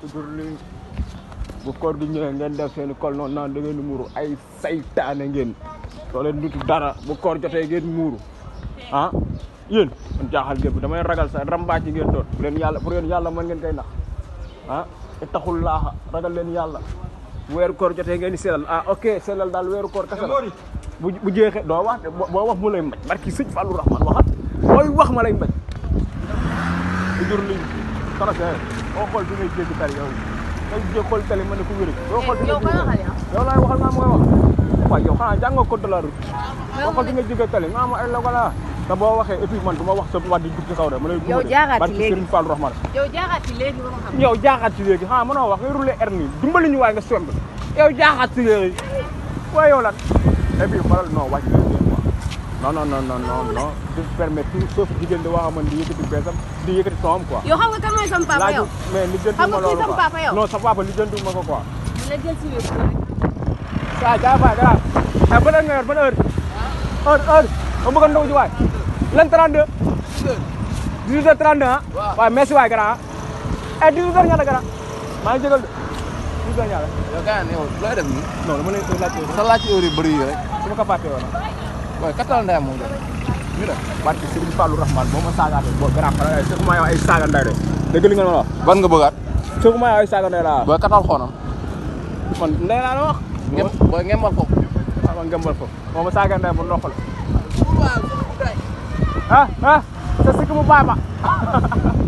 tudurli bu koor gi ñëwee ngeen def seen kol noonu naan da ngeen muuru ay saytaane ngeen soo leen dutu dara bu koor jotee ngeen muuru ah yéen man jaaxal gépp damay ragal sa rambaaj yi ngeen doon leen yàlla pour yéen yàlla mën ngeen koy nax ah taxul laaxa ragal leen yàlla weeru koor jotee ngeen di selal ah ok selal daal weeru koor kasa la bu bu jeexee doo wax boo wax mu lay mbaj barki sëñ Fallou Rahman waxat booy wax ma lay mbaj toujours troce boo xool bi ngay jéggi tali yow ngay jéggi xool tali mën na ko wér boo xool eh, yow laay waxal maa mu koy wax waaw yow xanaa jàng nga code la route boo xool bi ngay jéggi tali ma ay la voilà boo waxee et puis man du ma ma lay yow jaaxaati léegi Serigne Fall Rahman yow jaaxaati léegi war nga ñu waaye nga somb yow jaaxaati léegi waaye yow lan et eh, puis xoolal non wàcc non non non non non non du permettre tout sauf jigéen di waxamoon di yëkkati beesam di yëkkati soom quoi. yow xam nga kan mooy sama papa yow mais li jëndu ma loolu quoi non sa papa li jëndu ma ko quoi. la jël si yow. waaw jaafaa jaafaa. ah ban heure nga yor ban heure. heure heure ba mu bëggoon ndaw ji waay. lan 32. 18 heures 32 ah. waaw waaw merci waay grand ah. ay 18 heures ñaata grand maa ngi jégal de 18 heures ñaata. yow gars yi ne yow looy def nii. non dama lay laajte. sa laajte heure yu bëri yi rek. su ma ko fàtte woon waaye kattan ndeyam moom la ñu ne barke Serigne Fallou Rahman boo ma saagaatee boo garab ma ne Cheikh Maya ay saaga ndey de dëgg li nga nga bëggaat. Cheikh Maya ay saaga ndey laa. booy katal xoonam. man ndey laa la ngembal foofu. waaw ah, ngembal foofu boo ma saaga ndey mu noqal. ah ah c'est ce mu baax ma.